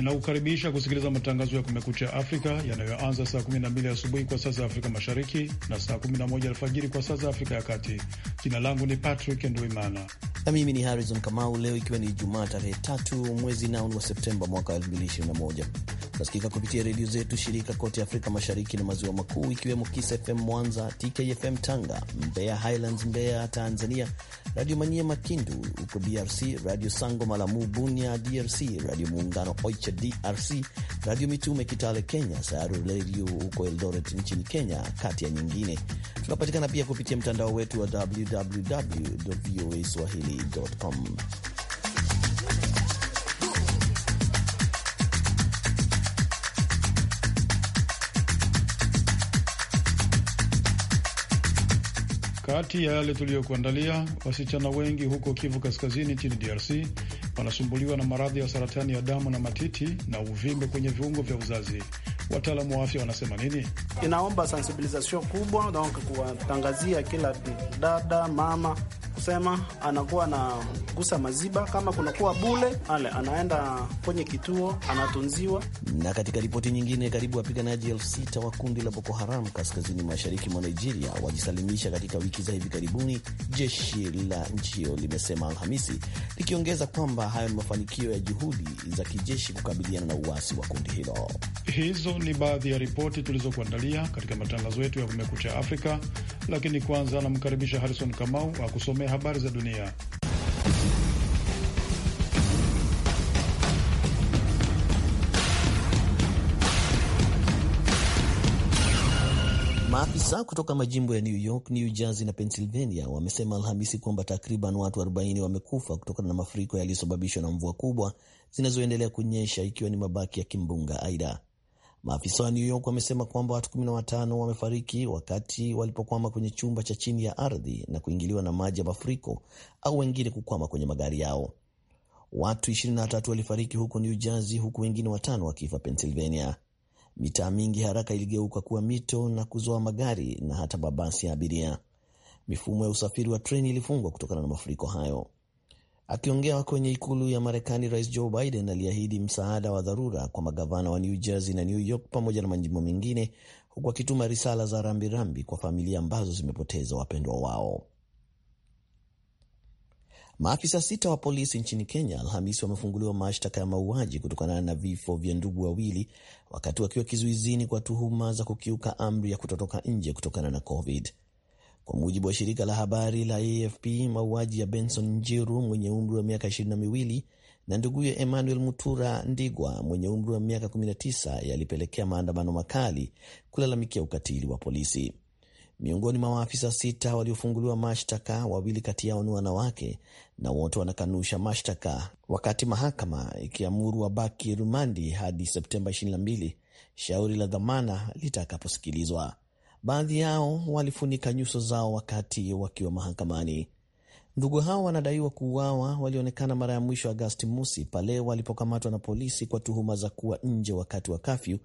Ninakukaribisha kusikiliza matangazo ya Kumekucha Afrika yanayoanza saa 12 asubuhi kwa saa za Afrika Mashariki na saa 11 alfajiri kwa saa za Afrika ya Kati. Jina langu ni Patrick Nduimana na mimi ni Harrison Kamau. Leo ikiwa ni Jumaa tarehe tatu mwezi naoni wa Septemba mwaka 2021 Tunasikika kupitia redio zetu shirika kote Afrika Mashariki na Maziwa Makuu, ikiwemo Kis FM Mwanza, TKFM Tanga, Mbeya Highlands Mbeya Tanzania, Radio Manyia makindu huko DRC, Radio Sango Malamu Bunia DRC, Radio Muungano Oicha DRC, Radio Mitume Kitale Kenya, Sayaru Redio huko Eldoret nchini Kenya, kati ya nyingine. Tunapatikana pia kupitia mtandao wetu wa www voa swahili.com. Kati ya yale tuliyokuandalia, wasichana wengi huko Kivu Kaskazini nchini DRC wanasumbuliwa na maradhi ya saratani ya damu na matiti na uvimbe kwenye viungo vya uzazi. Wataalamu wa afya wanasema nini? Inaomba sensibilizasio kubwa, donc kuwatangazia kila dada mama kusema anakuwa na anagusa maziba, kama kunakuwa bule ale anaenda kwenye kituo anatunziwa. Na katika ripoti nyingine, karibu wapiganaji elfu sita wa kundi la Boko Haram kaskazini mashariki mwa Nigeria wajisalimisha katika wiki za hivi karibuni, jeshi la nchi hiyo limesema Alhamisi, likiongeza kwamba hayo ni mafanikio ya juhudi za kijeshi kukabiliana na uasi wa kundi hilo. Hizo ni baadhi ya ripoti tulizokuandalia katika matangazo yetu ya Kumekucha Afrika, lakini kwanza anamkaribisha Harrison Kamau akusomea habari za dunia. Maafisa kutoka majimbo ya New York, New Jersey na Pennsylvania wamesema Alhamisi kwamba takriban watu 40 wamekufa kutokana na mafuriko yaliyosababishwa na mvua kubwa zinazoendelea kunyesha ikiwa ni mabaki ya kimbunga Aida. Maafisa wa New York wamesema kwamba watu 15 wamefariki wakati walipokwama kwenye chumba cha chini ya ardhi na kuingiliwa na maji ya mafuriko au wengine kukwama kwenye magari yao. Watu 23 walifariki huko New Jersey, huku wengine watano wakifa Pennsylvania. Mitaa mingi haraka iligeuka kuwa mito na kuzoa magari na hata mabasi ya abiria. Mifumo ya usafiri wa treni ilifungwa kutokana na mafuriko hayo. Akiongea kwenye ikulu ya Marekani, Rais Joe Biden aliahidi msaada wa dharura kwa magavana wa New Jersey na New York pamoja na majimbo mengine, huku akituma risala za rambirambi kwa familia ambazo zimepoteza wapendwa wao. Maafisa sita wa polisi nchini Kenya Alhamisi wamefunguliwa mashtaka ya mauaji kutokana na vifo vya ndugu wawili wakati wakiwa kizuizini kwa tuhuma za kukiuka amri ya kutotoka nje kutokana na COVID. Kwa mujibu wa shirika la habari la AFP, mauaji ya Benson Njiru mwenye umri wa miaka ishirini na miwili na nduguye Emmanuel Mutura Ndigwa mwenye umri wa miaka 19 yalipelekea maandamano makali kulalamikia ukatili wa polisi. Miongoni mwa maafisa sita waliofunguliwa mashtaka, wawili kati yao ni wanawake na wote wanakanusha mashtaka, wakati mahakama ikiamuru wabaki rumandi hadi Septemba 22 shauri la dhamana litakaposikilizwa. Baadhi yao walifunika nyuso zao wakati wakiwa mahakamani. Ndugu hao wanadaiwa kuuawa walionekana mara ya mwisho Agasti mosi pale walipokamatwa na polisi kwa tuhuma za kuwa nje wakati wa kafyu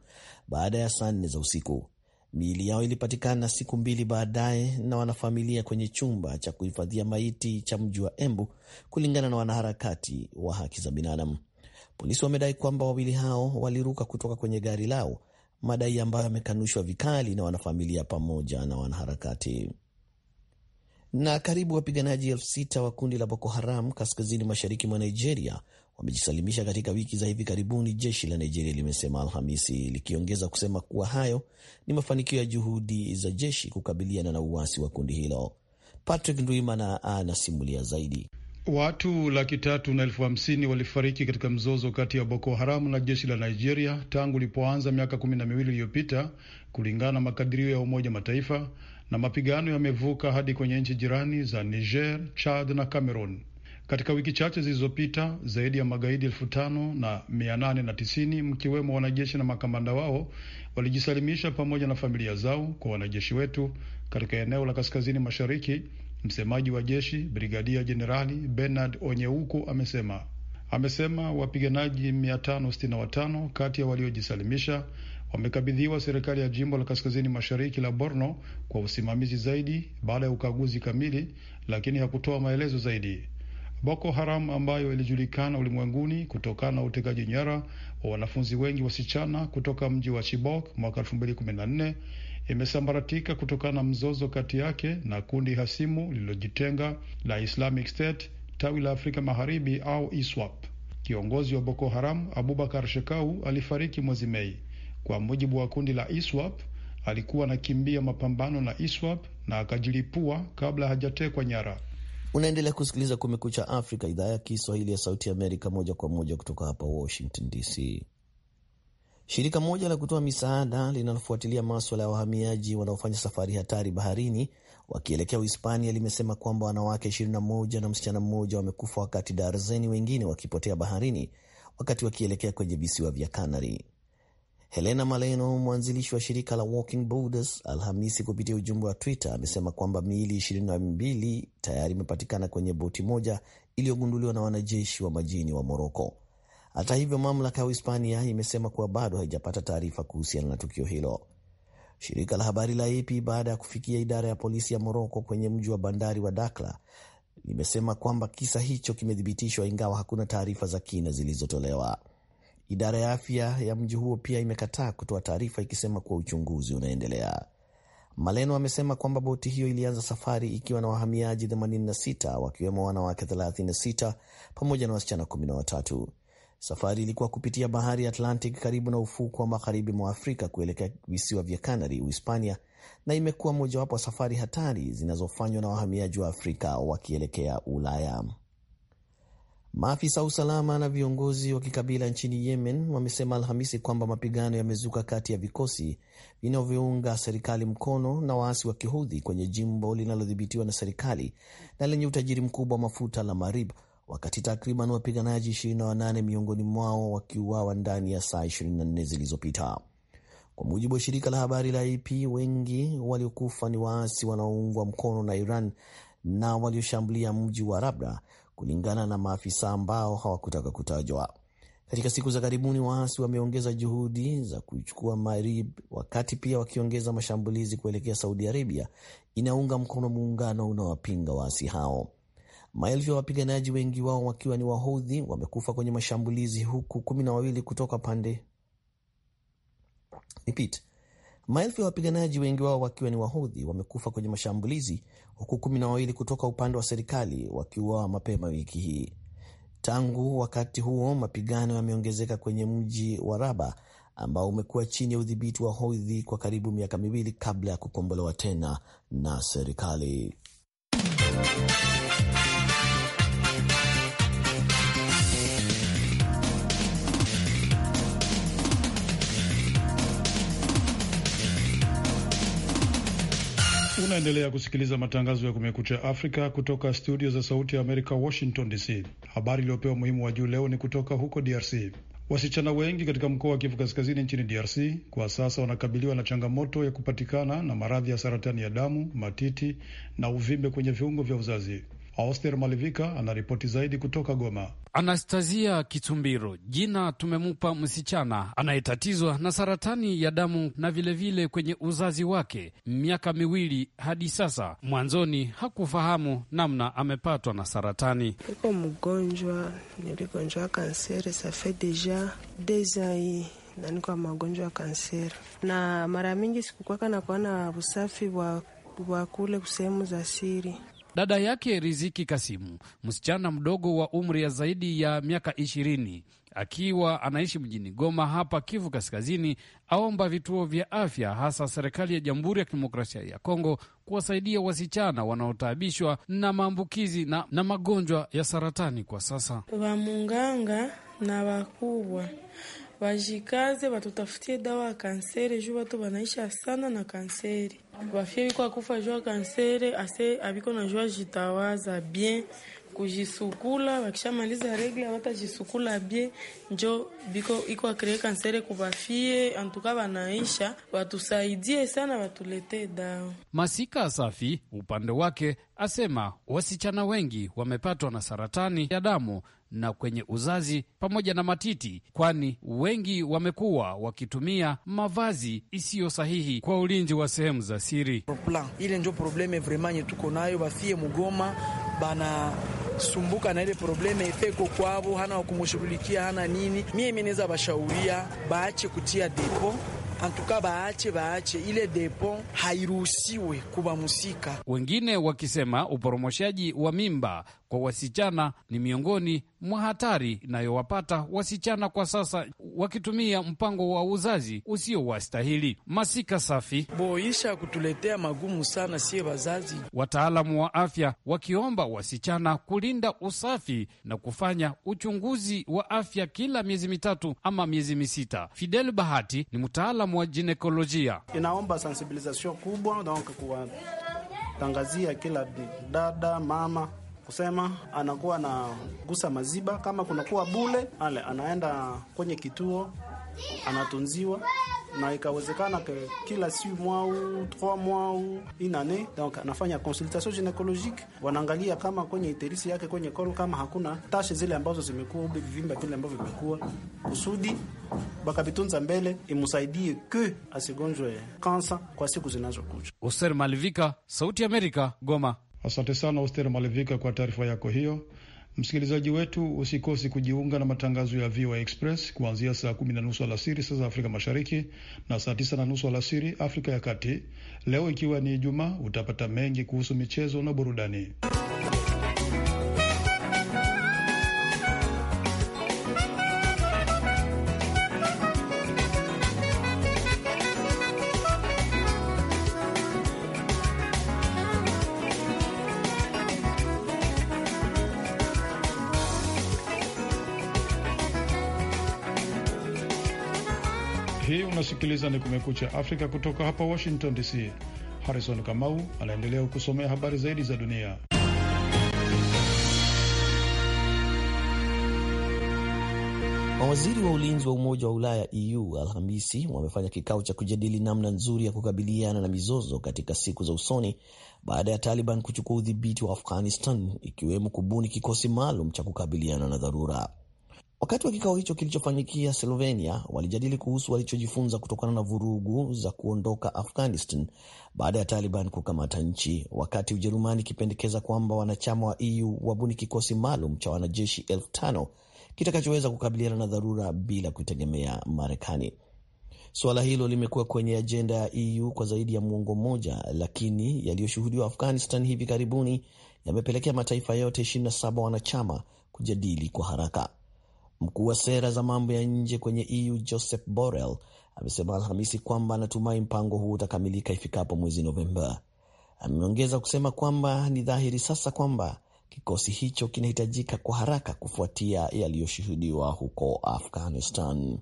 baada ya saa nne za usiku. Miili yao ilipatikana siku mbili baadaye na wanafamilia kwenye chumba cha kuhifadhia maiti cha mji wa Embu, kulingana na wanaharakati wa haki za binadamu. Polisi wamedai kwamba wawili hao waliruka kutoka kwenye gari lao madai ambayo yamekanushwa vikali na wanafamilia pamoja na wanaharakati. Na karibu wapiganaji elfu sita wa kundi la Boko Haram kaskazini mashariki mwa Nigeria wamejisalimisha katika wiki za hivi karibuni, jeshi la Nigeria limesema Alhamisi, likiongeza kusema kuwa hayo ni mafanikio ya juhudi za jeshi kukabiliana na uasi wa kundi hilo. Patrick Ndwimana anasimulia zaidi. Watu laki tatu na elfu hamsini walifariki katika mzozo kati ya Boko Haramu na jeshi la Nigeria tangu ulipoanza miaka kumi na miwili iliyopita kulingana na makadirio ya Umoja Mataifa, na mapigano yamevuka hadi kwenye nchi jirani za Niger, Chad na Cameroon. Katika wiki chache zilizopita zaidi ya magaidi elfu tano na mia nane na tisini mkiwemo wanajeshi na makamanda wao walijisalimisha pamoja na familia zao kwa wanajeshi wetu katika eneo la kaskazini mashariki Msemaji wa jeshi Brigadia Jenerali Bernard Onyeuku amesema amesema wapiganaji 565 kati ya waliojisalimisha wamekabidhiwa serikali ya jimbo la kaskazini mashariki la Borno kwa usimamizi zaidi baada ya ukaguzi kamili, lakini hakutoa maelezo zaidi. Boko Haram ambayo ilijulikana ulimwenguni kutokana na utekaji nyara wa wanafunzi wengi wasichana kutoka mji wa Chibok mwaka imesambaratika kutokana na mzozo kati yake na kundi hasimu lililojitenga la Islamic State tawi la Afrika Magharibi au ISWAP. Kiongozi wa Boko Haram Abubakar Shekau alifariki mwezi Mei. Kwa mujibu wa kundi la ISWAP, alikuwa anakimbia mapambano na ISWAP na akajilipua kabla hajatekwa nyara. Unaendelea kusikiliza Kumekucha Afrika, idhaa ya Kiswahili ya Sauti ya Amerika, moja kwa moja kutoka hapa Washington DC. Shirika moja la kutoa misaada linalofuatilia maswala ya wahamiaji wanaofanya safari hatari baharini wakielekea Uhispania limesema kwamba wanawake 21 na msichana mmoja wamekufa wakati darzeni wengine wakipotea baharini wakati wakielekea kwenye visiwa vya Canary. Helena Maleno, mwanzilishi wa shirika la Walking Borders, Alhamisi kupitia ujumbe wa Twitter amesema kwamba miili 22 tayari imepatikana kwenye boti moja iliyogunduliwa na wanajeshi wa majini wa Moroko. Hata hivyo, mamlaka ya Uhispania imesema kuwa bado haijapata taarifa kuhusiana na tukio hilo. Shirika la habari la AP baada ya kufikia idara ya polisi ya Moroko kwenye mji wa bandari wa Dakla limesema kwamba kisa hicho kimethibitishwa, ingawa hakuna taarifa za kina zilizotolewa. Idara ya afya ya mji huo pia imekataa kutoa taarifa ikisema kuwa uchunguzi unaendelea. Maleno amesema kwamba boti hiyo ilianza safari ikiwa na wahamiaji 86 wakiwemo wanawake 36 pamoja na wasichana 13. Safari ilikuwa kupitia bahari ya Atlantic karibu na ufuko wa magharibi mwa Afrika kuelekea visiwa vya Canary, Uhispania, na imekuwa mojawapo wa safari hatari zinazofanywa na wahamiaji wa Afrika wakielekea Ulaya. Maafisa wa usalama na viongozi wa kikabila nchini Yemen wamesema Alhamisi kwamba mapigano yamezuka kati ya vikosi vinavyounga serikali mkono na waasi wa kihudhi kwenye jimbo linalodhibitiwa na serikali na lenye utajiri mkubwa wa mafuta la Marib wakati takriban wapiganaji 28 miongoni mwao wakiuawa ndani ya saa 24 zilizopita, kwa mujibu wa shirika la habari la AP. Wengi waliokufa ni waasi wanaoungwa mkono na Iran na walioshambulia mji wa Rabda, kulingana na maafisa ambao hawakutaka kutajwa. Katika siku za karibuni waasi wameongeza juhudi za kuchukua Marib, wakati pia wakiongeza mashambulizi kuelekea Saudi Arabia inaunga mkono muungano unaowapinga waasi hao. Maelfu ya wapiganaji, wengi wao wakiwa ni Wahodhi, wamekufa kwenye mashambulizi huku kumi na wawili kutoka pande Repeat. Maelfu ya wapiganaji wengi wao wakiwa ni Wahodhi wamekufa kwenye mashambulizi huku kumi na wawili kutoka upande wa serikali wakiuawa mapema wiki hii. Tangu wakati huo mapigano yameongezeka kwenye mji wa Raba ambao umekuwa chini ya udhibiti wa Hodhi kwa karibu miaka miwili kabla ya kukombolewa tena na serikali. Unaendelea kusikiliza matangazo ya Kumekucha Afrika kutoka studio za Sauti ya Amerika, Washington DC. Habari iliyopewa umuhimu wa juu leo ni kutoka huko DRC. Wasichana wengi katika mkoa wa Kivu Kaskazini nchini DRC kwa sasa wanakabiliwa na changamoto ya kupatikana na maradhi ya saratani ya damu, matiti na uvimbe kwenye viungo vya uzazi. Auster Malivika anaripoti zaidi kutoka Goma. Anastasia Kitumbiro jina tumemupa msichana anayetatizwa na saratani ya damu na vilevile vile kwenye uzazi wake miaka miwili hadi sasa. Mwanzoni hakufahamu namna amepatwa na saratani. iko mgonjwa, niligonjwa kanseri safe deja desai na niko magonjwa ya kanseri, na mara mingi sikukwaka na kuona usafi wa, wakule kule sehemu za siri Dada yake Riziki Kasimu, msichana mdogo wa umri ya zaidi ya miaka ishirini, akiwa anaishi mjini Goma hapa Kivu Kaskazini, aomba vituo vya afya hasa serikali ya Jamhuri ya Kidemokrasia ya Kongo kuwasaidia wasichana wanaotaabishwa na maambukizi na, na magonjwa ya saratani kwa sasa. Wamunganga na wakubwa bajikaze batutafutie dawa ya kansere juu watu banaisha sana na kansere Bafie biko akufa juu ya kansere ase abiko na juu jitawaza bien kujisukula wakishamaliza regle jisukula bie njo biko iko akree kansere kubafie antuka banaisha watusaidie sana watuletee dawa. Masika Safi upande wake asema wasichana wengi wamepatwa na saratani ya damu na kwenye uzazi pamoja na matiti, kwani wengi wamekuwa wakitumia mavazi isiyo sahihi kwa ulinzi wa sehemu za siri. Ile ndio probleme vremanye tuko nayo, bafie mugoma bana sumbuka na ile probleme ipeko kwavo, hana wakumushughulikia hana nini. Mie mineza bashauria baache kutia depo antuka baache baache ile depo hairuhusiwe kuba musika. Wengine wakisema uporomoshaji wa mimba kwa wasichana ni miongoni mwa hatari inayowapata wasichana kwa sasa, wakitumia mpango wa uzazi usiowastahili. Masika Safi boisha kutuletea magumu sana sie wazazi. Wataalamu wa afya wakiomba wasichana kulinda usafi na kufanya uchunguzi wa afya kila miezi mitatu ama miezi misita. Fidel Bahati ni mtaalamu wa jinekolojia. Inaomba sensibilizasio kubwa, donc kuwatangazia kila dada mama kusema anakuwa na gusa maziba, kama kunakuwa bule ale anaenda kwenye kituo anatunziwa na ikawezekana ke kila si mwau 3 mwau inane, donc anafanya consultation gynecologique, wanaangalia kama kwenye iterisi yake kwenye kolo kama hakuna tashe zile ambazo zimekuwa ubi vivimba vile ambavyo vimekuwa, kusudi bakavitunza mbele imusaidie ke asigonjwe kansa kwa siku zinazokuja. Oser Malvika, Sauti ya Amerika, Goma. Asante sana Oster Malevika kwa taarifa yako hiyo. Msikilizaji wetu, usikosi kujiunga na matangazo ya VOA Express kuanzia saa kumi na nusu alasiri saa za Afrika Mashariki na saa tisa na nusu alasiri Afrika ya Kati. Leo ikiwa ni Ijumaa, utapata mengi kuhusu michezo na burudani. Hii unasikiliza ni Kumekucha Afrika kutoka hapa Washington DC. Harrison Kamau anaendelea kusomea habari zaidi za dunia. Mawaziri wa ulinzi wa Umoja wa Ulaya EU Alhamisi wamefanya kikao cha kujadili namna nzuri ya kukabiliana na mizozo katika siku za usoni baada ya Taliban kuchukua udhibiti wa Afghanistan, ikiwemo kubuni kikosi maalum cha kukabiliana na dharura. Wakati wa kikao hicho kilichofanyikia Slovenia, walijadili kuhusu walichojifunza kutokana na vurugu za kuondoka Afghanistan baada ya Taliban kukamata nchi, wakati Ujerumani ikipendekeza kwamba wanachama wa EU wabuni kikosi maalum cha wanajeshi elfu tano kitakachoweza kukabiliana na dharura bila kutegemea Marekani. Suala hilo limekuwa kwenye ajenda ya EU kwa zaidi ya muongo mmoja, lakini yaliyoshuhudiwa Afghanistan hivi karibuni yamepelekea mataifa yote 27 wanachama kujadili kwa haraka. Mkuu wa sera za mambo ya nje kwenye EU joseph Borrell amesema Alhamisi kwamba anatumai mpango huu utakamilika ifikapo mwezi Novemba. Ameongeza kusema kwamba ni dhahiri sasa kwamba kikosi hicho kinahitajika kwa haraka kufuatia yaliyoshuhudiwa huko Afghanistan.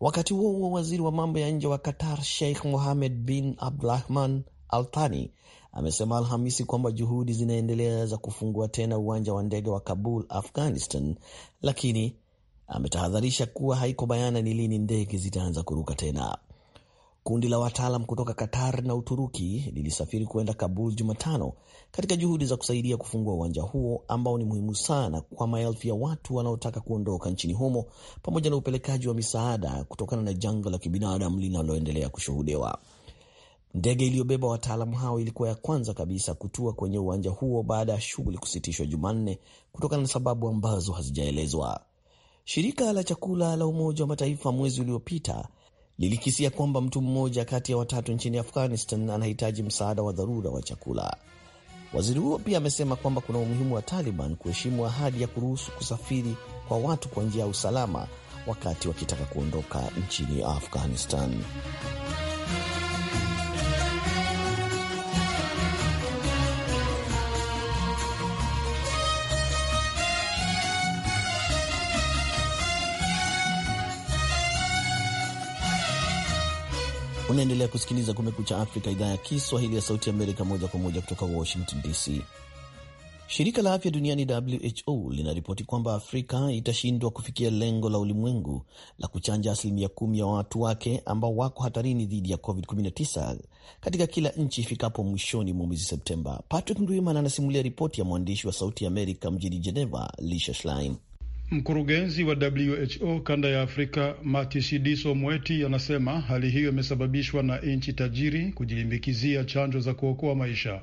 Wakati huo huo, waziri wa mambo ya nje wa Qatar Sheikh Mohammed bin Abdulrahman Al Thani amesema Alhamisi kwamba juhudi zinaendelea za kufungua tena uwanja wa ndege wa Kabul, Afghanistan, lakini ametahadharisha kuwa haiko bayana ni lini ndege zitaanza kuruka tena. Kundi la wataalam kutoka Qatar na Uturuki lilisafiri kuenda Kabul Jumatano katika juhudi za kusaidia kufungua uwanja huo ambao ni muhimu sana kwa maelfu ya watu wanaotaka kuondoka nchini humo pamoja na upelekaji wa misaada kutokana na janga la kibinadamu linaloendelea kushuhudiwa. Ndege iliyobeba wataalamu hao ilikuwa ya kwanza kabisa kutua kwenye uwanja huo baada ya shughuli kusitishwa Jumanne kutokana na sababu ambazo hazijaelezwa. Shirika la chakula la Umoja wa Mataifa mwezi uliopita lilikisia kwamba mtu mmoja kati ya watatu nchini Afghanistan anahitaji msaada wa dharura wa chakula. Waziri huo pia amesema kwamba kuna umuhimu wa Taliban kuheshimu ahadi ya kuruhusu kusafiri kwa watu kwa njia ya usalama wakati wakitaka kuondoka nchini Afghanistan. Unaendelea kusikiliza Kumekucha Afrika, idhaa ya Kiswahili ya Sauti Amerika, moja kwa moja kutoka Washington DC. Shirika la afya duniani WHO linaripoti kwamba Afrika itashindwa kufikia lengo la ulimwengu la kuchanja asilimia kumi ya watu wake ambao wako hatarini dhidi ya COVID-19 katika kila nchi ifikapo mwishoni mwa mwezi Septemba. Patrick Ndwiman anasimulia ripoti ya mwandishi wa Sauti Amerika mjini Geneva, Lisha Schlein. Mkurugenzi wa WHO kanda ya Afrika Matshidiso Moeti anasema hali hiyo imesababishwa na nchi tajiri kujilimbikizia chanjo za kuokoa maisha.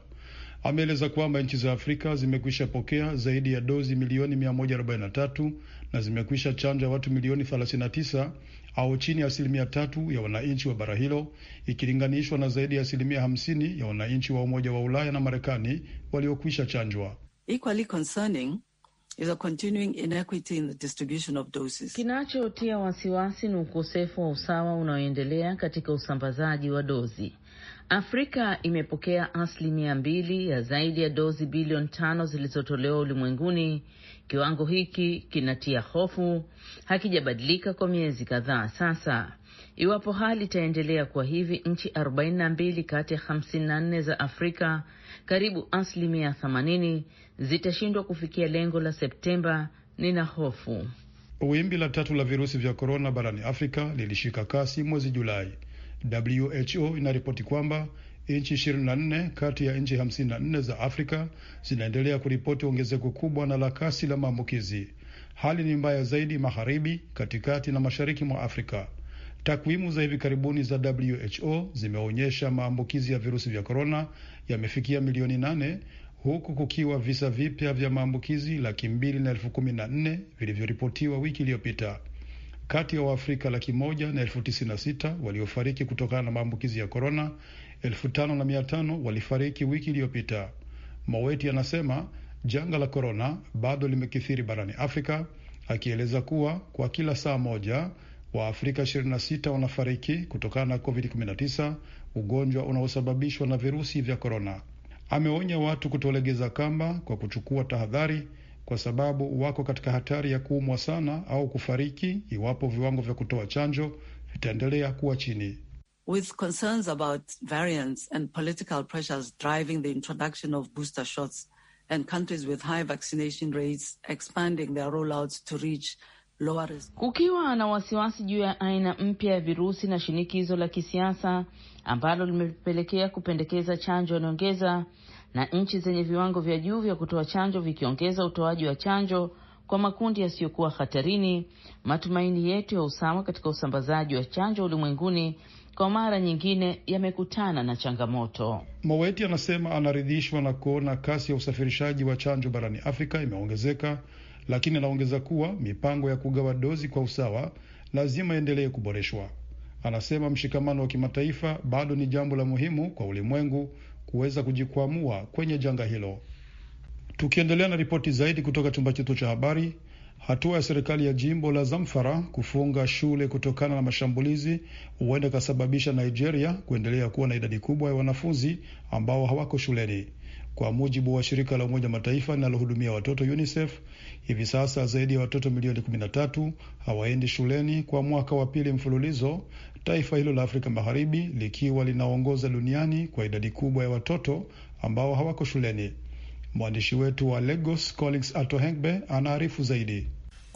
Ameeleza kwamba nchi za Afrika zimekwisha pokea zaidi ya dozi milioni 143 na zimekwisha chanja watu milioni 39 au chini ya asilimia tatu ya wananchi wa bara hilo ikilinganishwa na zaidi ya asilimia 50 ya wananchi wa Umoja wa Ulaya na Marekani waliokwisha chanjwa. Equally concerning is a continuing inequity in the distribution of doses. Kinachotia wasiwasi ni ukosefu wa usawa unaoendelea katika usambazaji wa dozi. Afrika imepokea asilimia mbili ya zaidi ya dozi bilioni tano zilizotolewa ulimwenguni Kiwango hiki kinatia hofu, hakijabadilika kwa miezi kadhaa sasa. Iwapo hali itaendelea kwa hivi, nchi 42 kati ya 54 za Afrika, karibu asilimia 80, zitashindwa kufikia lengo la Septemba. Nina hofu. Wimbi la tatu la virusi vya korona barani Afrika lilishika kasi mwezi Julai. WHO inaripoti kwamba Nchi 24 kati ya nchi 54 za Afrika zinaendelea kuripoti ongezeko kubwa na la kasi la maambukizi. Hali ni mbaya zaidi magharibi, katikati na mashariki mwa Afrika. Takwimu za hivi karibuni za WHO zimeonyesha maambukizi ya virusi vya korona yamefikia milioni nane huku kukiwa visa vipya vya maambukizi laki mbili na elfu kumi na nne vilivyoripotiwa wiki iliyopita. Kati ya Waafrika laki moja na elfu tisini na sita waliofariki kutokana na maambukizi ya korona, elfu tano na mia tano walifariki wiki iliyopita. Moweti anasema janga la korona bado limekithiri barani Afrika, akieleza kuwa kwa kila saa moja Waafrika 26 wanafariki kutokana na COVID-19, ugonjwa unaosababishwa na virusi vya korona. Ameonya watu kutolegeza kamba kwa kuchukua tahadhari, kwa sababu wako katika hatari ya kuumwa sana au kufariki iwapo viwango vya kutoa chanjo vitaendelea kuwa chini. with concerns about variants and political pressures driving the introduction of booster shots and countries with high vaccination rates expanding their rollouts to reach lower risk. Kukiwa na wasiwasi juu ya aina mpya ya virusi na shinikizo la kisiasa ambalo limepelekea kupendekeza chanjo ya nyongeza na nchi zenye viwango vya juu vya kutoa chanjo vikiongeza utoaji wa chanjo kwa makundi yasiyokuwa hatarini, matumaini yetu ya usawa katika usambazaji wa chanjo ulimwenguni kwa mara nyingine yamekutana na changamoto. Moweti anasema anaridhishwa na kuona kasi ya usafirishaji wa chanjo barani Afrika imeongezeka, lakini anaongeza kuwa mipango ya kugawa dozi kwa usawa lazima iendelee kuboreshwa. Anasema mshikamano wa kimataifa bado ni jambo la muhimu kwa ulimwengu kuweza kujikwamua kwenye janga hilo. Tukiendelea na ripoti zaidi kutoka chumba chetu cha habari, Hatua ya serikali ya jimbo la Zamfara kufunga shule kutokana na mashambulizi huenda ikasababisha Nigeria kuendelea kuwa na idadi kubwa ya wanafunzi ambao hawako shuleni. Kwa mujibu wa shirika la Umoja Mataifa linalohudumia watoto UNICEF, hivi sasa zaidi ya watoto milioni 13 hawaendi shuleni kwa mwaka wa pili mfululizo, taifa hilo la Afrika Magharibi likiwa linaongoza duniani kwa idadi kubwa ya watoto ambao hawako shuleni. Mwandishi wetu wa Lagos Collins Atohengbe anaarifu zaidi.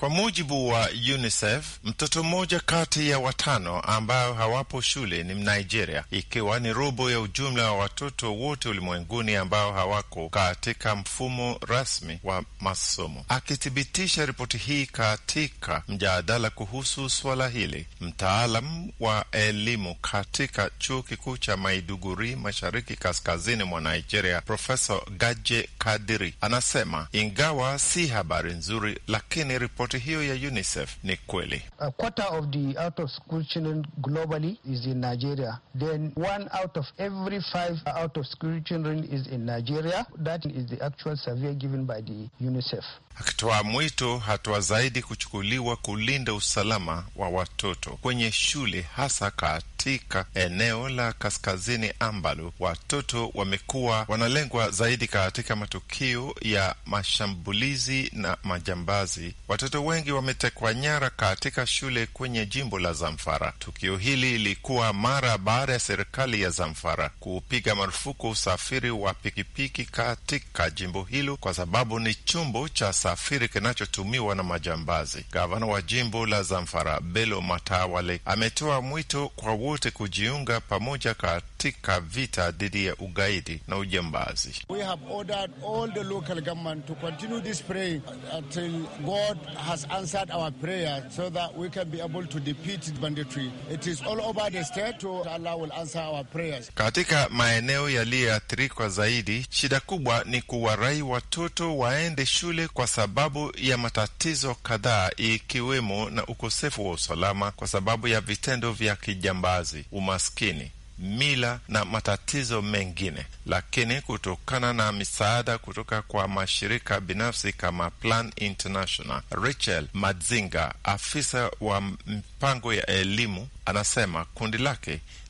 Kwa mujibu wa UNICEF, mtoto mmoja kati ya watano ambao hawapo shule ni Nigeria, ikiwa ni robo ya ujumla wa watoto wote ulimwenguni ambao hawako katika mfumo rasmi wa masomo. Akithibitisha ripoti hii katika mjadala kuhusu suala hili, mtaalam wa elimu katika chuo kikuu cha Maiduguri, mashariki kaskazini mwa Nigeria, Profesa Gaje Kadiri anasema ingawa si habari nzuri, lakini ripoti ripoti hiyo ya UNICEF ni kweli. A quarter of the out of school children globally is in Nigeria. Then one out of every five out of school children is in Nigeria. That is the actual survey given by the UNICEF. akitoa mwito hatua zaidi kuchukuliwa kulinda usalama wa watoto kwenye shule hasa katika eneo la kaskazini ambalo watoto wamekuwa wanalengwa zaidi katika matukio ya mashambulizi na majambazi. Watoto wengi wametekwa nyara katika shule kwenye jimbo la Zamfara. Tukio hili lilikuwa mara baada ya serikali ya Zamfara kupiga marufuku usafiri wa pikipiki katika jimbo hilo kwa sababu ni chombo cha usafiri kinachotumiwa na majambazi. Gavana wa jimbo la Zamfara Bello Matawalle ametoa mwito kwa wote kujiunga pamoja katika vita dhidi ya ugaidi na ujambazi. We have ordered all the local government to continue this prayer until God has answered our prayer so that we can be able to defeat banditry. It is all over the state Allah will answer our prayers. Katika maeneo yaliyoathirikwa zaidi, shida kubwa ni kuwarai watoto waende shule kwa sababu ya matatizo kadhaa ikiwemo na ukosefu wa usalama kwa sababu ya vitendo vya kijambazi, umaskini mila na matatizo mengine, lakini kutokana na misaada kutoka kwa mashirika binafsi kama Plan International, Rachel Madzinga, afisa wa mpango ya elimu, anasema kundi lake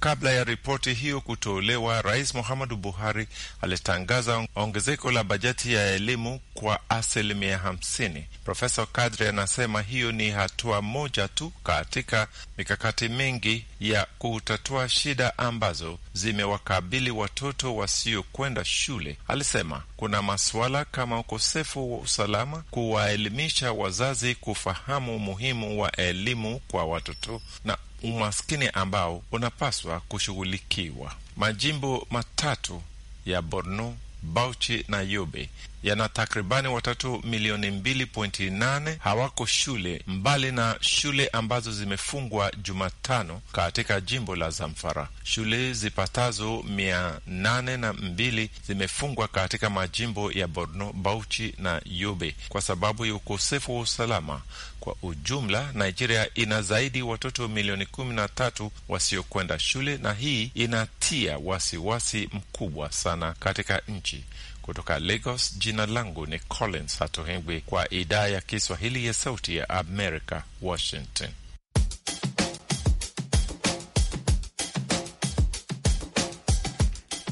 Kabla ya ripoti hiyo kutolewa, Rais Muhammadu Buhari alitangaza ongezeko la bajeti ya elimu kwa asilimia hamsini. Profesa Kadri anasema hiyo ni hatua moja tu katika mikakati mingi ya kutatua shida ambazo zimewakabili watoto wasiokwenda shule. Alisema kuna masuala kama ukosefu wa usalama, kuwaelimisha wazazi kufahamu umuhimu wa elimu kwa watoto na umaskini ambao unapaswa kushughulikiwa. Majimbo matatu ya Borno, Bauchi na Yobe yana takribani watoto milioni 2.8 hawako shule, mbali na shule ambazo zimefungwa Jumatano katika jimbo la Zamfara. Shule zipatazo mia nane na mbili zimefungwa katika majimbo ya Borno, Bauchi na Yobe kwa sababu ya ukosefu wa usalama. Kwa ujumla, Nigeria ina zaidi watoto milioni kumi na tatu wasiokwenda shule, na hii inatia wasiwasi wasi mkubwa sana katika nchi. Kutoka Lagos, jina langu ni Collins Hatohengwi kwa idhaa ya Kiswahili ya Sauti ya Amerika, Washington.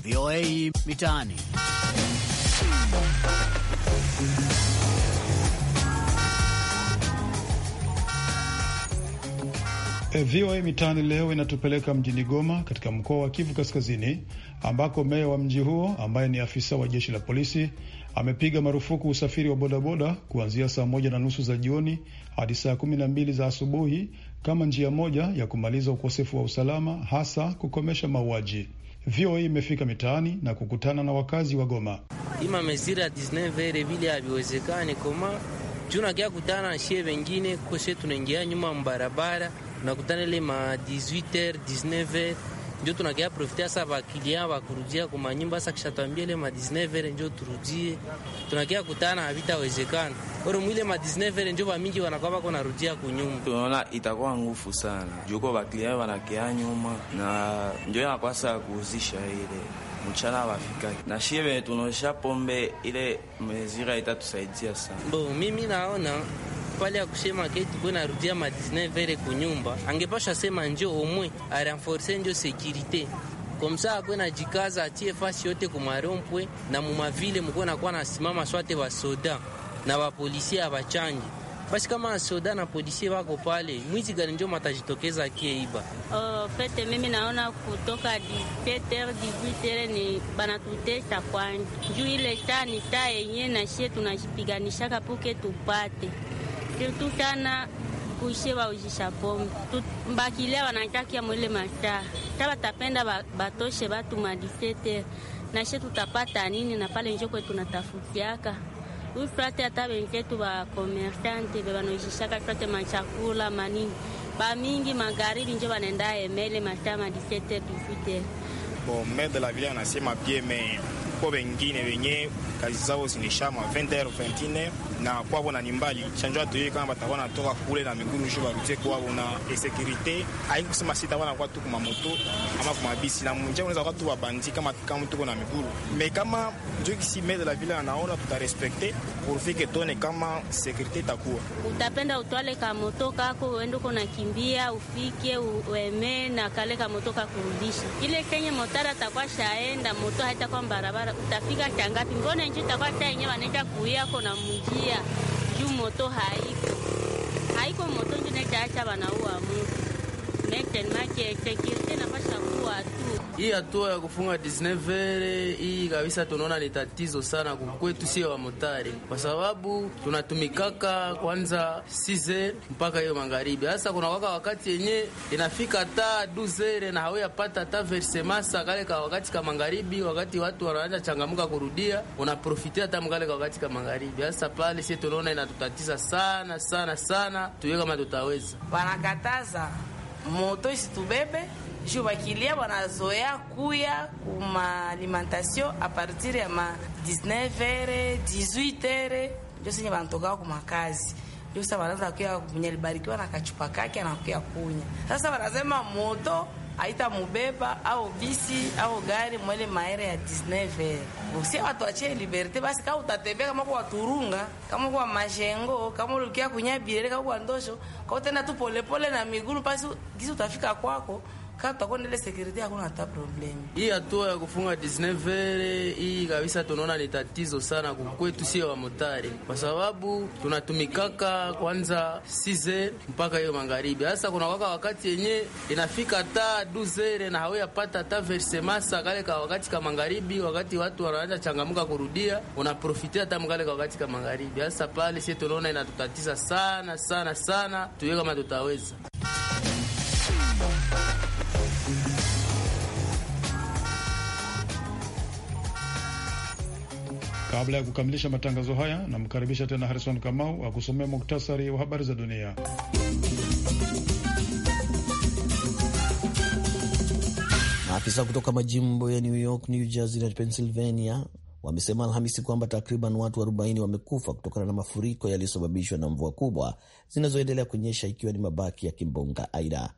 VOA Mitaani. Eh, VOA Mitaani leo inatupeleka mjini Goma katika mkoa wa Kivu Kaskazini, ambako meya wa mji huo ambaye ni afisa wa jeshi la polisi amepiga marufuku usafiri wa bodaboda kuanzia saa moja na nusu za jioni hadi saa kumi na mbili za asubuhi kama njia moja ya kumaliza ukosefu wa usalama, hasa kukomesha mauaji. VOA imefika mitaani na kukutana na wakazi wa Goma. Ima mesira vile haviwezekani koma kutana na shie vengine kose tunaingia nyuma mbarabara unakutana ile ma 18h 19h ndio tunakia profite hasa bakilia bakurudia kwa manyumba hasa, kisha tuambia ile ma 19h ndio turudie, tunakia kutana havitawezekana. Oro mwile ma 19h ndio bamingi wanakuwa bako narudia kunyumba, tunaona itakuwa ngufu sana juu kwa bakilia wanakia nyuma na ndio yanakuwa sasa kuuzisha ile mchana wafika na shibe tunaosha pombe ile mezira itatusaidia sana. Bo mimi naona pale ya kusema keti bwana arudia ma 19 vere kunyumba, angepasha sema njoo omwe a arenforce njo sekirite komsa akwe na jikaza atie fasi yote kumarompwe na mumavile mkuwe nakuwa nasimama swate wa soda na wa wapolisie abachangi basi kama soda na polisi wako pale, mwizi gani ndio matajitokeza iba? Oh, pete mimi naona kutoka 17h 18h ni banatutesa kwani juu ile taa ni taa yenyewe na shie tunajipiganishaka puke tupate kilitukana kuishe waujisha pombe mbakilia wanakakia mwile masaa kaba tapenda batoshe batu madisete nashe tutapata nini na pale njokwe tunatafutiaka uifrate hata benzetu bakomersante bebanojishaka frate machakula manini bamingi magharibi njo banaenda emele masaa madisete difite bon maire de la ville anasema bien mais kwa wengine wenye kazi zao zinishama 20h 24 na kwabo na nimbali chanjo atoye kama batakuwa natoka kule na miguru sho barute kwabo na insecurite haiko kusema sita bana kwa tuku mamoto ama kwa bisi na mmoja unaweza kwa tu wabandi kama kama mtu na miguru me kama ndio kisi mede la vile anaona tutarespecte pour fike tone kama securite takuwa utapenda utwale kamoto kako uende kuna kimbia ufike ueme na kale kamoto kakurudisha ile kenye motara atakuwa shaenda moto haitakuwa barabara utafika changapi? Mbona nchi itakuwa ta yenyewe wanaenda kuiako na mjia juu moto haiko haiko moto njo naitaacha wanaua mutu netenmakesekirite napasha kuwa hii hatua ya kufunga 19 hii kabisa, tunaona ni tatizo sana kwetu sio wa motari, kwa sababu tunatumikaka kwanza size mpaka hiyo magharibi. Sasa kuna waka wakati yenye inafika ta duzere na hawiyapata ta versemasa kale ka wakati ka magharibi, wakati watu wanaanza changamuka kurudia, unaprofitia hata mkale ka wakati ka magharibi. Sasa pale sie tunaona inatutatiza sana sana sana, tuye kama tutaweza, wanakataza moto isitubebe juu bakilia banazoea kuya kuma alimentation a partir ya ma 19 here 18 here ndio senye banatoka kuma kazi wanaanza kuya kunya, libarikiwa na kachupa kake anakuya kunya. Sasa wanasema moto aita mubeba au bisi au gari mwele maere ya 19 bosi watu achie liberte basi, kama utatembea kama kwa turunga kama kwa majengo kama ulikia kunya birere kama kwa ndosho kama tena tu na miguu basi, gizi utafika kwako kama tutakuwa ndele security hakuna hata problem. Hii hatua ya kufunga 19 hii kabisa tunaona ni tatizo sana kukwetu sie wa motari, kwa sababu tunatumikaka kwanza 6 mpaka hiyo magharibi. Sasa kuna waka wakati yenye inafika hata 12 na hawea pata hata versement sasa kale ka wakati ka magharibi, wakati watu wanaanza changamuka kurudia, unaprofitia hata mkale ka wakati ka magharibi. Sasa pale sie tunaona inatutatiza sana sana sana, tuwe kama tutaweza Kabla ya kukamilisha matangazo haya, namkaribisha tena Harison Kamau akusomea muktasari wa habari za dunia. Maafisa kutoka majimbo ya New York, New Jersey na Pennsylvania wamesema Alhamisi kwamba takriban watu 40 wamekufa kutokana na mafuriko yaliyosababishwa na mvua kubwa zinazoendelea kunyesha ikiwa ni mabaki ya kimbunga Aida.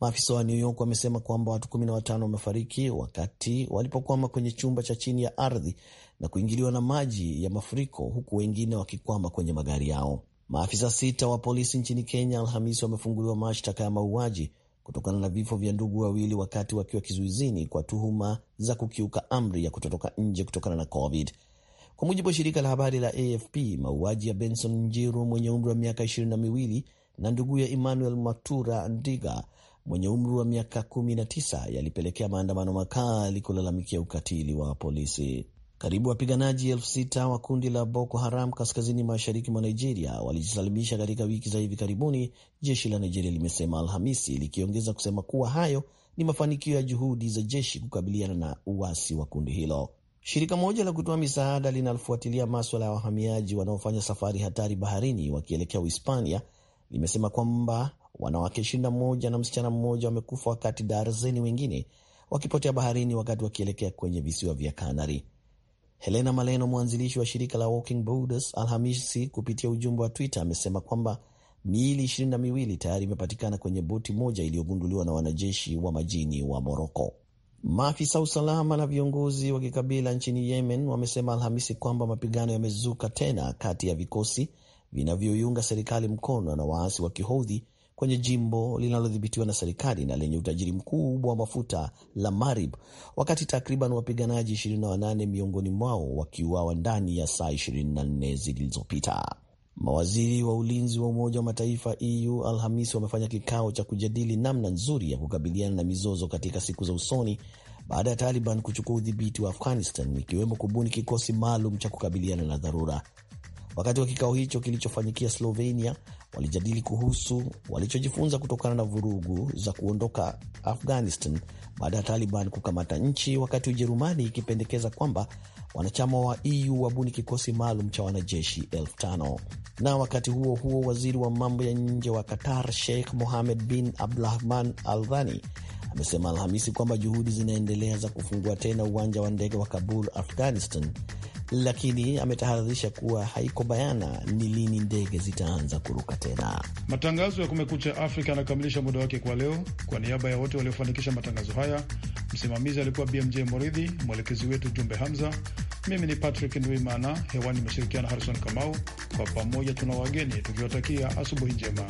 Maafisa wa New York wamesema kwamba watu 15 wamefariki wakati walipokwama kwenye chumba cha chini ya ardhi na kuingiliwa na maji ya mafuriko huku wengine wakikwama kwenye magari yao. Maafisa sita wa polisi nchini Kenya Alhamisi wamefunguliwa mashtaka ya mauaji kutokana na vifo vya ndugu wawili wakati wakiwa kizuizini kwa tuhuma za kukiuka amri ya kutotoka nje kutokana na COVID. Kwa mujibu wa shirika la habari la AFP, mauaji ya Benson Njiru mwenye umri wa miaka ishirini na miwili na ndugu ya Emmanuel Matura Ndiga mwenye umri wa miaka kumi na tisa yalipelekea maandamano makali kulalamikia ukatili wa polisi. Karibu wapiganaji elfu sita wa kundi la Boko Haram kaskazini mashariki mwa Nigeria walijisalimisha katika wiki za hivi karibuni, jeshi la Nigeria limesema Alhamisi, likiongeza kusema kuwa hayo ni mafanikio ya juhudi za jeshi kukabiliana na uasi wa kundi hilo. Shirika moja la kutoa misaada linalofuatilia maswala ya wahamiaji wanaofanya safari hatari baharini wakielekea Uhispania limesema kwamba wanawake 21 na msichana mmoja wamekufa wakati darzeni wengine wakipotea baharini wakati wakielekea kwenye visiwa vya Kanari. Helena Maleno, mwanzilishi wa shirika la Walking Borders, Alhamisi kupitia ujumbe wa Twitter amesema kwamba miili ishirini na miwili tayari imepatikana kwenye boti moja iliyogunduliwa na wanajeshi wa majini wa Moroko. Maafisa usalama na viongozi wa kikabila nchini Yemen wamesema Alhamisi kwamba mapigano yamezuka tena kati ya vikosi vinavyoiunga serikali mkono na waasi wa Kihoudhi kwenye jimbo linalodhibitiwa na serikali na lenye utajiri mkubwa wa mafuta la Marib, wakati takriban wapiganaji 28 miongoni mwao wakiuawa ndani ya saa 24 zilizopita. Mawaziri wa ulinzi wa Umoja wa Mataifa EU Alhamisi wamefanya kikao cha kujadili namna nzuri ya kukabiliana na mizozo katika siku za usoni baada ya Taliban kuchukua udhibiti wa Afghanistan, ikiwemo kubuni kikosi maalum cha kukabiliana na dharura Wakati wa kikao hicho kilichofanyikia Slovenia, walijadili kuhusu walichojifunza kutokana na vurugu za kuondoka Afghanistan baada ya Taliban kukamata nchi, wakati Ujerumani ikipendekeza kwamba wanachama wa EU wabuni kikosi maalum cha wanajeshi elfu tano. Na wakati huo huo, waziri wa mambo ya nje wa Qatar Sheikh Mohammed bin Abdulrahman Al Thani amesema Alhamisi kwamba juhudi zinaendelea za kufungua tena uwanja wa ndege wa Kabul, Afghanistan lakini ametahadharisha kuwa haiko bayana ni lini ndege zitaanza kuruka tena. Matangazo ya Kumekucha Afrika yanakamilisha muda wake kwa leo. Kwa niaba ya wote waliofanikisha matangazo haya, msimamizi alikuwa BMJ Moridhi, mwelekezi wetu Jumbe Hamza. Mimi ni Patrick Ndwimana, hewani imeshirikiana Harison Kamau. Kwa pamoja tuna wageni tukiwatakia asubuhi njema.